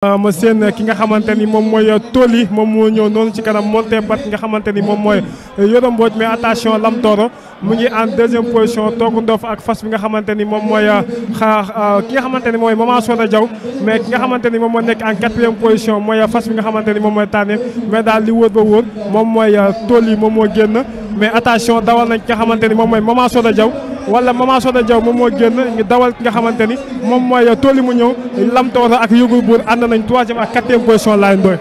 ma ki nga xamante ni moom mooy tool yi moom moo ñëw noonu ci kanam monté bat ki nga xamante ni moom mooy Yoro Mbodj mais attention Lam Toro mu ngi en deuxième position toogu ndof ak fas bi nga xamante ni moom mooy xaa euh, ki nga xamante ni mooy Maman Soda Diaw mais ki nga xamante ni moom moo nekk en quatrième position mooy fas bi nga xamante ni moom mooy tànneef mais daal li wóor ba wóor moom mooy euh, tool yi moom moo génn mais attention dawal nañ ki xamanteni mom moy mama Soda jaw wala mama Soda jaw mom mo genn ñu dawal ki nga xamante ni moom mooy tooli mu ñëw lamtoora ak yugul bur and nañ 3e ak 4e position laay mo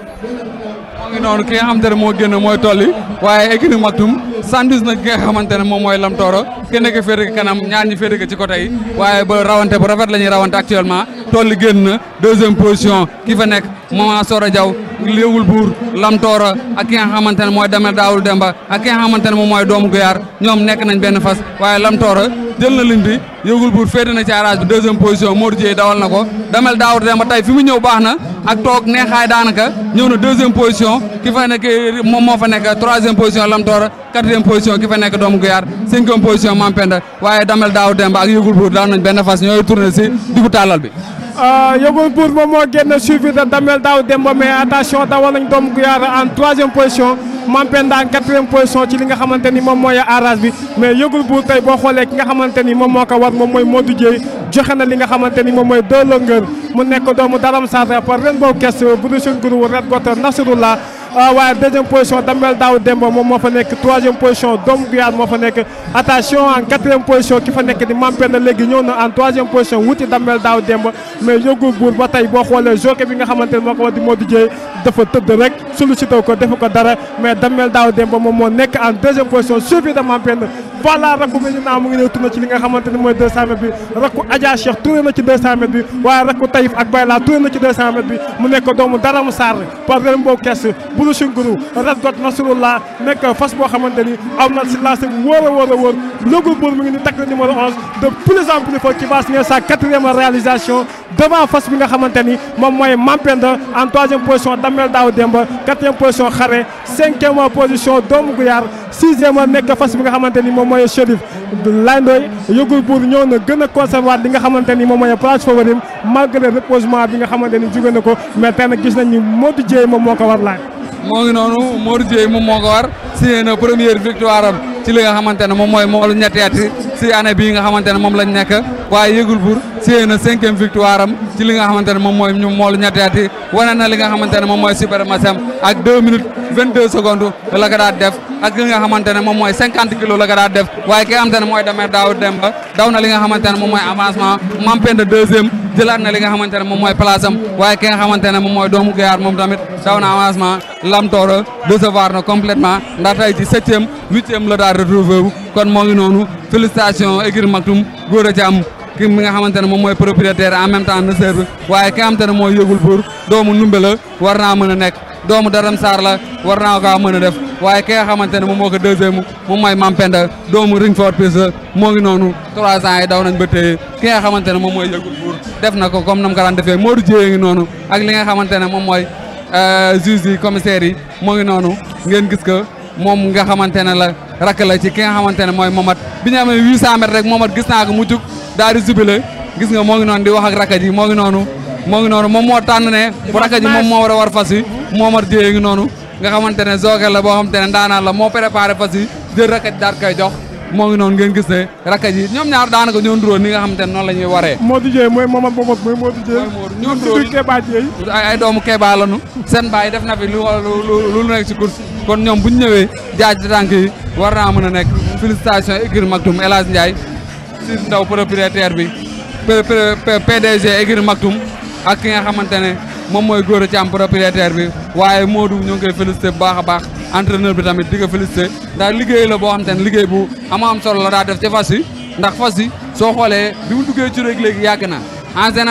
ngi non ki am der mo genn moy toli waye ekini waaye équipe Matum 119 ki nga xamante ne moom mooy Lamtoro kenn ki féete kanam ñaar ñi féete ci côté yi waye ba rawante bu rafet lañu rawante actuellement toli genn 2e position ki fa nek mama soda jaw léewul buur lamtoora ak ki nga xamante ne mooy deme daawul demba a ki nga xamante ne moom mooy doomu guyaar ñoom nekk nañ benn fas waaye lamtoora jël na lim bi yëgul buur féete na ci arage bi deuxième position moo Dieye dawal na ko damel daawul demba tey fi mu ñëw baax na ak toog neexaay daanaka ñëw na deuxième position ki fa nekk moom moo fa nekk troisième position lamtoora quatrième position ki fa nekk doomu guyaar cinquième position mampenda waaye damel daawul demba ak yëgul buur daaw nañ benn fas ñooy tourné si bi Yeumbeul Mbour moom moo génn suivi de Damel Daaw Demba mais attention dawal doomu Guyaara en troisième position Mampenda en quatrième position ci li nga xamante ni moom mooy arrage bi mais Yeumbeul Mbour tey boo xoolee ki nga xamante ni moom moo ko war moom mooy Modou Dieye joxe na li nga xamante ni moom mooy deux longueurs mu nekk doomu Daram Sarr par Rainbow Quest Brusun Group Red Gotter Nasrullah Ah ouais deuxième position Damel Daoudembo. Demba troisième position Dom Guyaar attention en quatrième position qui fait que en troisième position wuti Damel dao dembo, mais yógul buur ba a boo xoolee jockey bi nga fait ne moo de de mais Damel Dao dembo, en deuxième position suivi de pende voilà rakku Medina mu ngi ñëw tourné ci li nga xamante ni mooy 200 mètres bi rakku Adja Cheikh tourné ci 200 mètres bi waaye rakku Taïf ak Bayla tourné na ci 200 mètres bi mu nekk doomu Daram Sarr par Rembo Kess Bulu Sunguru Rasgot Nasrullah nekk fas boo xamante ni am na si lancé wóor a wóor a wóor logo buur mi ngi ni takk na numéro 11 de plus en plus fort qui va signer sa quatrième réalisation devant fas bi nga xamante ni moom mooy Mampenda en troisième position Damel Daaw Demba quatrième position Xare cinquième position Doomu Guyaar sixième nekk fas bi nga xamante ni moom mooy Chérif Landoy yëgul buur ñëw na gën a conserver li nga xamante ni moom mooy place favori malgré reposement bi nga xamante ni jóge na ko mais tey nag gis nañ ni Modou Dieye moom moo ko war laaj. moo ngi noonu Modou Dieye moom moo ko war signé na première victoire am ci li nga xamante ne moom mooy moolu ñetti at si année nga xamante ne moom lañ nekk. waaye yëgul buur siyee na cinquième victoire am ci li nga xamante ne moom mooy ñu moolu ñetti at yi wane na li nga xamante ne moom mooy suprématie am ak 2 minutes 22 secondes la ko daal def ak li nga xamante ne moom mooy 50 kilos la ko daal def waaye ki nga xamante ne mooy demee daaw dem ba na li nga xamante ne moom mooy avancement mampé na deuxième jëlaat na li nga xamante ne moom mooy place am waaye ki nga xamante ne moom mooy doomu moom tamit daw na avancement lamtooro décevoir na complètement ndax tey ci septième huitième la daal retrouvé kon moo ngi noonu félicitation équipe Maktoum góor a ci am ki nga xamante ne moom mooy propriétaire en même temps na serve waaye ki nga xamante ne yëgul buur doomu numbe la war naa mën a doomu daram saar la war naa kaa mën a def waaye ki nga xamante ne moom moo ko deuxième moom mooy Mampenda doomu ring for peace la moo ngi noonu trois ans yi daw nañ ba téye ki nga xamante ne moom mooy yëgul buur def na ko comme nam ko daan defee Modou Dieng ngi noonu ak li nga xamante ne moom mooy euh, juge yi yi moo ngi noonu ngeen gis ka moom nga xamante ne la rakk la ci ki nga xamante ne mooy Momat bi ñu amee 800 daal di jubile gis nga moo ngi noonu di wax ak rakkat yi moo ngi noonu moo ngi noonu moom moo tànn ne bu rakkat yi moom moo war a war fas yi moomar jéye ngi noonu nga xamante ne zoogel la boo xamante ne ndaanaan la moo préparé fas yi jël rakkat yi daal koy moo ngi noonu ngeen gis ne rakkat yi ñoom ñaar daanaka ñoo nduróo ni nga xamante ne noonu la ñuy waree Modou Dieye moo Momar Bobot mooy Modou Dieye ñoo nduróo Kéba Dieye ay doomu Kéba baay def na fi lu lu nekk ci kon ñoom bu ñu ñëwee jaaj tànk yi war naa mën a nekk félicitation écurie Maktoum El Hadj Ndiaye Ciss Ndaw propriétaire bi PDG Aiguiri Maktoum ak ki nga xamante ne moom mooy Gora Thiam propriétaire bi waaye moo du ngi koy félicité bu baax a baax entraîneur bi tamit di ko félicité ndax liggéey la boo xam ne liggéey bu am am solo la daa def ci fas yi ndax fas yi soo xoolee bi mu duggee ci rek léegi yàgg na en général